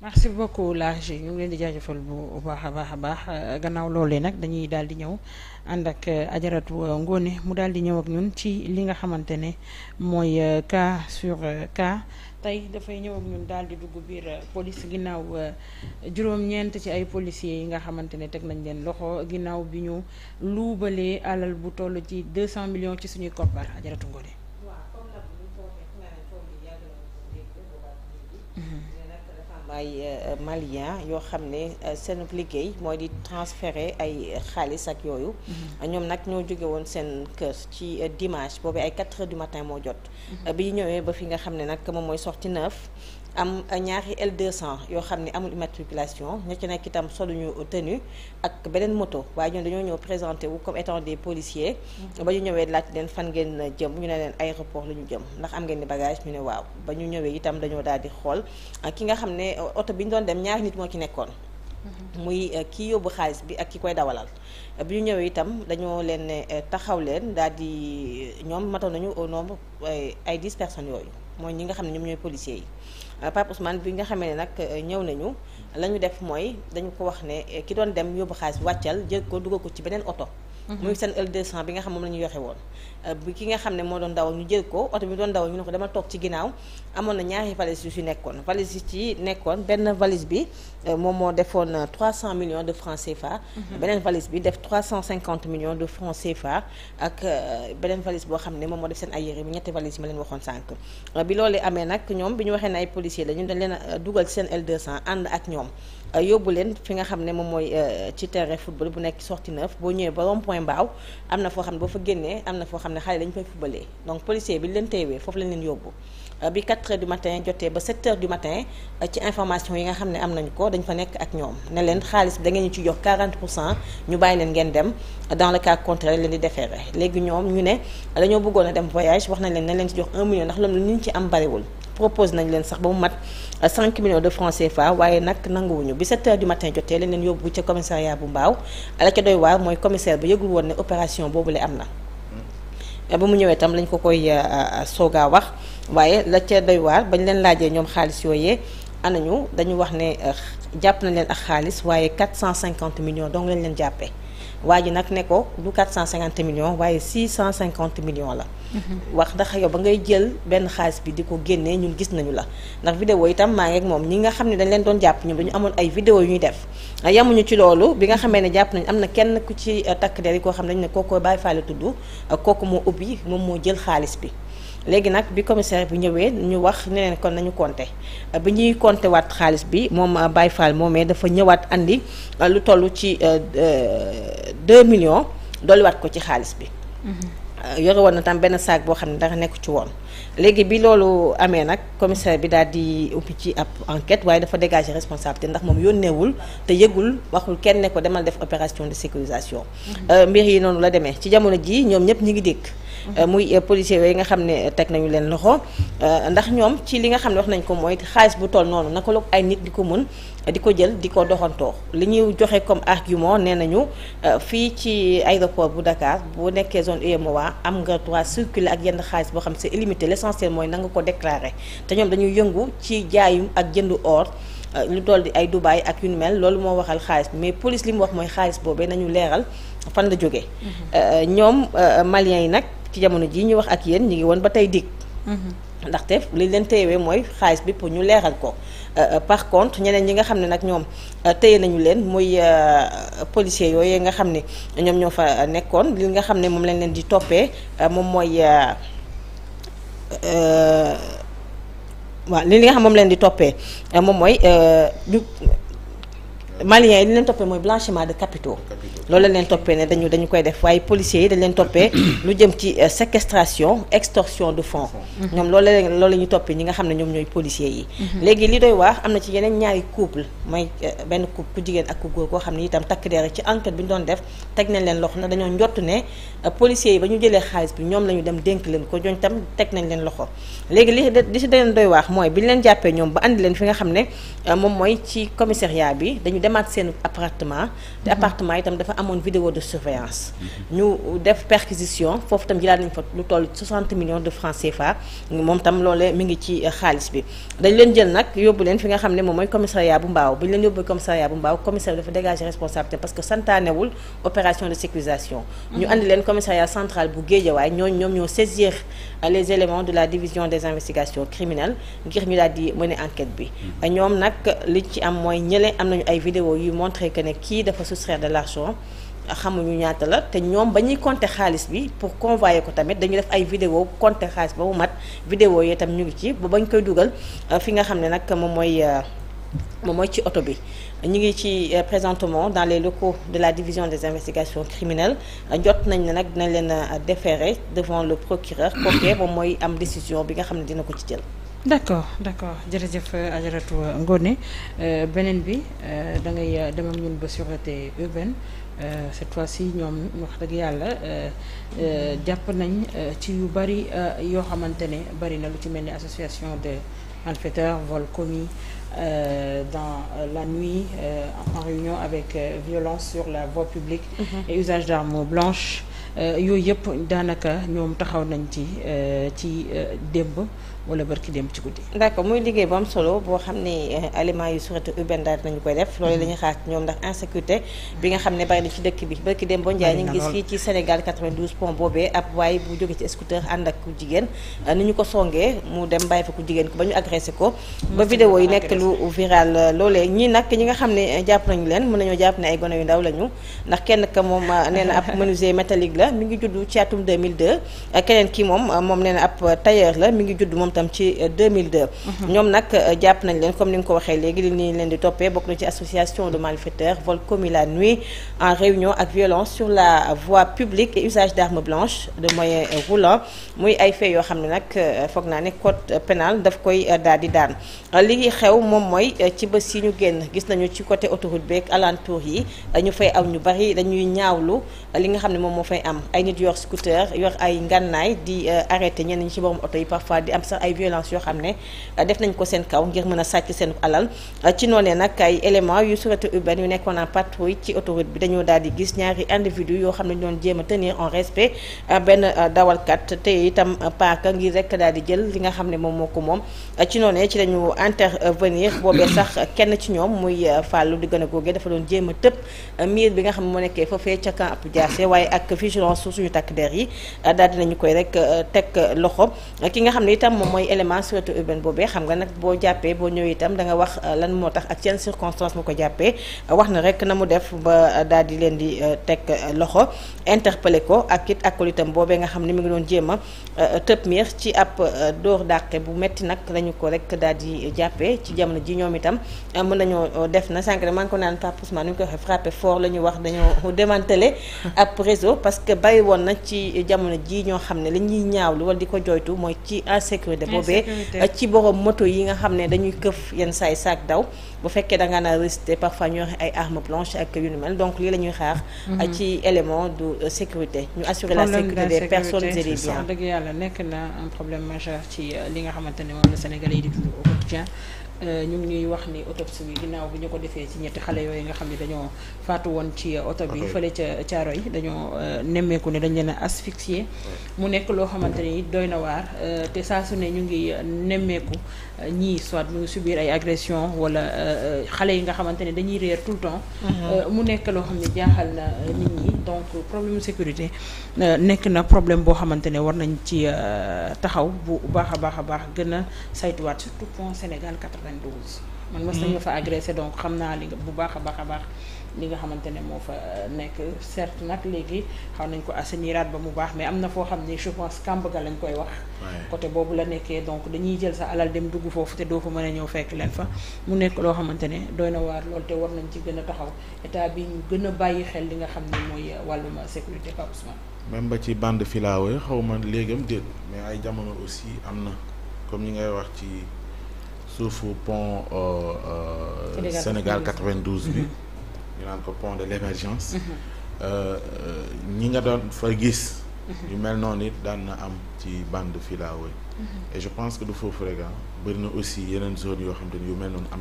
merci beaucoup Large ñu ngi leen di jaajëfal bu baax a baax a baax gannaaw loolee nag dañuy daal di ñëw ànd ak euh, ajaratu euh, Ngoone mu daal di ñëw ak ñun ci li nga xamante ne mooy cas euh, sur kaa tey dafay ñëw ak ñun daal di dugg biir police ginnaaw juróom-ñeent ci ay policiers yi nga xamante ne teg nañ leen loxo ginnaaw bi ñu luubalee alal bu toll ci 200 millions ci suñuy koppar ajaratu Ngoone. ay euh, malien yoo xam ne euh, seen liggéey mooy di transférer ay xaalis ak yooyu mm-hmm. ñoom nag ñoo jóge woon seen kër ci euh, dimanche boobu ay 4 heures du matin moo jot mm-hmm. bi ñëwee ba fi nga xam ne nag moom mooy sortie neuf am ñaari L200 yoo xam ne amul immatriculation ña ci nekk itam solu ñu tenue ak beneen moto waaye ñoom dañoo ñëw présenté wu comme étant des policiers. Mm-hmm. ba ñu ñëwee laaj leen fan ngeen jëm ñu ne leen aéroport la ñu jëm ndax am ngeen ni bagage ñu ne waaw ba ñu ñëwee itam dañoo daal di xool ki nga xam ne oto bi ñu doon dem ñaari nit moo ci nekkoon. Mm-hmm. muy euh, kii yóbbu xaalis bi ak ki koy dawalal. bi ñu ñëwee itam dañoo leen ne euh, taxaw leen daal di ñoom mato nañu au nombre euh, ay dix personnes yooyu. mooy ñi nga xam ne ñoom ñooy policiers yi euh, Pape Ousmane bi nga xamee ne nag euh, ñëw nañu la ñu def mooy dañu ko wax ne euh, ki doon dem yóbbu xaalis wàccal jën ko dugg ko ci beneen oto muy seen L200 bi nga xam moom la ñu yoxe woon euh, bi ki nga xam ne moo doon dawal ñu jël ko oto bi doon dawal ñu ne ko dama toog ci ginnaaw amoon na ñaari valise yu si nekkoon valise yi ci nekkoon benn valise bi def euh, moo defoon 300 euh, million de francs CFA. Mhm. beneen valise bi def ak beneen valise boo xam ne moom moo def seen ay yére bi ñetti valise ma leen waxoon sànq bi loolee amee nag ñoom bi ñu waxee ne ay policiers la ñu dañ leen a dugal ci seen L200 ànd ak ñoom Euh, yóbbu leen fi nga xam ne moom mooy euh, ci terrain football bu nekk sortie neuf boo ñëwee ba rond point mbaaw am na foo xam ne boo fa génnee am na foo xam ne xale dañu fay footballee donc policier bi leen teewee foofu lañ leen yóbbu euh, bi matin jotee ba 7 heures du matin ci information nga xam ne am nañu ko dañ fa nekk ak ñoom ne leen xaalis bi da ngeen ñu ci jox quarante pour cent ñu bàyyi leen ngeen dem dans le cas contraire leen di déféré léegi ñoom ñu ne dañoo bëggoon a dem voyage wax nañ leen ne leen ci jox 1 million ndax loolu ñu ci am bariwul propose nañ leen sax ba mu mat 5 millions de francs CFA waaye nag nanguwuñu bi 7 heures du matin jotee lañ leen yóbbu ca commissariat bu mbaaw la ca doy waar mooy commissaire ba yëgul woon ne opération boobu la am na. ba mu ñëwee tam lañ ko koy euh, euh, soogaa wax waaye la ca doy waar bañ leen laajee ñoom xaalis yooyee anañu dañu wax ne euh, jàpp nañ leen ak xaalis waaye 450 millions donc lañ leen jàppee. waa ji nag ne ko du 450 millions waaye cinquante million la. Mhm. wax ndax yow ba ngay jël benn xaalis bi di ko génnee ñun gis nañu la ndax vidéo itam maa ngi ak moom ñi nga xam ne dañ leen doon jàpp ñoom dañu amoon ay vidéo yu ñuy def ah, yemuñu ci loolu bi nga xamee ne jàpp nañu am na kenn ku ci eh, takk der yi ko xam ne dañu ne kooku Baye Fall tudd ah, kooku moo ubbi moom moo jël xaalis bi. léegi nag bi commissaire bi ñëwee ñu wax ne kon nañu compter bi ñuy compter waat xaalis bi moom euh, Baye Fall moomee dafa ñëwaat andi euh, lu toll ci 2 euh, millions dolliwaat ko ci xaalis bi. Mm-hmm. yore woon na tam benn saak boo xam ne dara nekk ci woon léegi bi loolu amee nag commissaire bi daal di ubbi ci ab enquête waaye dafa dégager responsabilité ndax moom yónneewul te yëgul waxul kenn ne demal def opération de sécurisation. Mm-hmm. mbir yi noonu la demee ci jamono jii ñoom ñëpp ñu ngi dégg. Euh, muy euh, policiers yooyu nga xam ne euh, teg nañu leen loxo ndax ñoom ci li nga xam ne wax nañ ko mooy xaalis bu toll noonu naka la ay nit di ko mën di ko jël di ko doxantoo li ñuy joxe comme argument nee nañu fii ci aéroport bu Dakar bu nekkee zone UEMOA am nga droit circuler ak yenn xaalis boo xam c'est illimité l'essentiel mooy na ko déclarer te ñoom dañuy yëngu ci jaayum ak jëndu or lu toll di ay Dubaay ak yu mel loolu moo waxal xaalis bi mais police li mu wax mooy xaalis leeral fan la jógee mm-hmm. ñoom maliens yi nag ci jamono jii ñu wax ak yéen ñu ngi woon ba tey dig mhm. ndaxte li leen téyewee mooy xaalis bi pour ñu leeral ko euh, euh, par contre ñeneen ñi nga xam ne nag ñoom euh, téye nañu leen muy policiers yooyu nga xam ne ñoom ñoo fa nekkoon li nga xam ne moom lañ leen di toppee moom mooy waaw li nga xam moom leen di toppee moom mooy malien yi li leen toppee mooy blanchiment de capitaux loolu la leen toppee ne dañu dañu koy def waaye policiers yi dañ leen toppee lu jëm ci euh, séquestration extorsion de fonds ñoom loolu la loolu la ñu toppee ñi nga xam ne ñoom ñooy policiers yi mm-hmm. léegi li doy waax am na ci yeneen ñaari couple mooy euh, benn couple ku jigéen ak ku góor koo xam ne itam takk der ci enquête bi ñu doon def teg nañ leen loxo na dañoo njott ne euh, policiers ba ñu jëlee xaalis bi ñoom la ñu dem dénk leen ko ñooñu tam teg nañ leen loxo léegi li li si dañ doy waax mooy bi ñu leen jàppee ñoom ba andi leen fi nga xam ne moom mooy ci commissariat bi dañu dem demaat seen appartement te mhm. appartement itam dafa amoon vidéo de surveillance ñu def perquisition foofu itam jëlaat nañ fa lu toll millions de francs CFA moom itam loolee mi ngi ci xaalis bi dañ leen jël nag yóbbu leen fi nga xam ne moom mooy commissariat bu mbaaw bu ñu leen yóbbu commissariat bu mbaaw commissaire dafa dégager responsabilité parce que santaanewul opération de sécurisation ñu mhm. andi leen central bu Géejawaay ñooñu ñoom ñoo saisir euh, les éléments de vidéo yu montré que ne kii dafa soustraire de l'argent xamuñu ñaata la te ñoom ba ñuy compter xaalis bi pour convoyer ko tamit dañu def ay vidéo compter xaalis ba mu mat vidéo yi tam ñu ngi ci ba bañ koy dugal euh, fi nga xam ne nag moom mooy euh, moom mooy ci oto bi ñu ngi ci euh, présentement dans les locaux de la division des investigations criminelles jot nañ ne nag dinañ leen déférer devant le procureur kooke moom mooy am décision bi nga xam ne dina ko ci jël d' accord d' accord jërëjëf euh, Ajaratu Ngoné euh, beneen bi euh, da ngay demam ñun ba sûreté urbaine cette fois ci ñoom wax dëgg yàlla jàpp nañ ci yu bari yoo xamante ne bari na lu ci mel ni association de malfaiteurs vol commis dans la nuit en réunion avec violence sur la voie publique mhm. et usage d' armes Euh, yooyu yëpp daanaka ñoom taxaw nañ ci euh, ci euh, démb wala barki démb ci guddi. d'accord muy liggéey bu am solo boo xam ne aliment yu surtout urbaine daal nañu koy def loolu la ñuy xaar ñoom ndax insécurité bi nga xam ne bari na ci dëkk bi barki démb boo Ndiaye ñu ngi gis fii ci Sénégal 92 pont boobee ab waay bu jóge ci scooter ku jigéen ni ñu ko songee mu dem bàyyi fa jigéen ko ba ñu agressé ko ba vidéo yi nekk lu viral loolee ñi nag ñi nga xam ne jàpp nañu leen mën nañoo jàpp ne ay gone yu ndaw lañu ndax kenn ka moom nee na ab menuisier métallique la mi ngi juddu ci atum 2002 keneen ki moom moom nee ab tailleur la mi ngi judd moom tam ci euh, mhm. ñoom nag euh, jàpp nañ leen comme ni nga ko waxee léegi li ñu leen di toppee bokk na ci association de malfaiteurs vol commis la nuit en réunion ak violence sur la voie publique usage d'armes blanches de moyens euh, roulants muy ay faits yoo xam ne nag foog naa ne code pénal daf koy daal di daan li xew moom mooy ci bés yi ñu génn gis nañu ci côté autoroute beeg alentour yi ñu fay am ay nit yor scooter yor ay ngànnaay di eh, arrêté ñenn ñi ci borom oto yi parfois di am sax ay violence yoo xam ne eh, def nañ ko seen kaw ngir mën a sàcc seen alal eh, ci noonee nag ay éléments yu sûreté urbaine yu nekkoon en patrouille ci autoroute bi dañoo daal di gis ñaari individu yoo xam ne doon jéem a tenir en respect benn dawalkat te itam paaka ngir rek daal di jël li nga xam ne moom moo ko moom ci noonee ci lañu intervenir boobee sax kenn ci ñoom muy fàllu di gën a góogee dafa doon jéem tëb miir bi nga xam ne moo nekkee foofee ca camp vigilance su suñu takk der yi euh, daal dinañu koy rek euh, teg euh, loxo ki nga xam ne itam moom mooy élément sûreté urbaine boobee xam nga nag boo jàppee boo ñëwee itam da nga wax lan moo tax ak seen circonstance mu ko jàppee wax na rek na mu def ba daal di leen di teg loxo interpellé ko ak it acolitam boobee nga xam ne mu ngi doon jéema a tëb miir ci ab door dàqe bu metti nag lañu ko rek daal di jàppee ci jamono ji ñoom itam mën nañoo def na sangre maa ngi ko naan Pape Ousmane ni ko waxee frappé la ñu wax que bari woon na ci jamono ji ñoo xam ne li ñuy ñaawlu wala di ko jooytu mooy ci insécurité boobee ah, ci borom moto yi nga xam ne dañuy këf yenn saay saak daw bu fekkee da nga naa résister parfois ñu wax ay armes blanches ak yu ni mel donc lii la ñuy xaar ah, mhm. ci élément de euh, sécurité ñu assurer la sécurité des personnes et des biens dëgg nekk na un problème majeur ci euh, li nga xamante ne moom la Sénégalais yi Euh, ñu ngi ñuy wax ni autopsie bi ginnaaw bi ñu ko defee ci ñetti xale yooyu nga xam ne dañoo faatu woon ci euh, oto bi fële ca caaro yi dañoo euh, nemmeeku ne dañ leen a asphyxié mu nekk loo xamante ni doy na waar te saa su ne ñu ngi nemmeeku ñii soit ñu ngi subir ay agression wala xale yi nga xamante ne dañuy réer tout le temps mm-hmm. mu nekk loo xam ne jaaxal na nit ñi donc problème sécurité euh, nekk na problème boo xamante ne war nañ ci euh, taxaw bu baax a baax a baax gën a saytuwaat surtout pont Sénégal 92. man mos nañu hmm. fa agressé donc xam naa li nga bu baax a baax a baax li nga xamante ne moo fa euh, nekk certes nag léegi xaw nañ ko assainiraat ba mu baax mais am na foo xam ne je pense kàmb lañ koy wax côté boobu la nekkee donc dañuy jël sa alal dem dugg foofu te doo fa mën a ñëw fekk leen fa mu nekk loo xamante ne doy na waar loolu te war nañ ci gën a taxaw état bi ñu gën a bàyyi xel li nga xam ne mooy euh, wàllum sécurité Pa Ousmane même ba ci bande filaawe xaw ma léegam déet mais ay jamono aussi am na comme ñi ngay wax ci suufu pont euh, euh, Sénégal 92 bi mhm. ñu naan ko pont de l'émergence mhm. euh, ñi nga doon fa gis mhm. yu mel noon it daan na am ci bande filao yi et je pense que du foofu rek ah, bëri aussi yeneen zone yoo xam te ni yu mel noonu am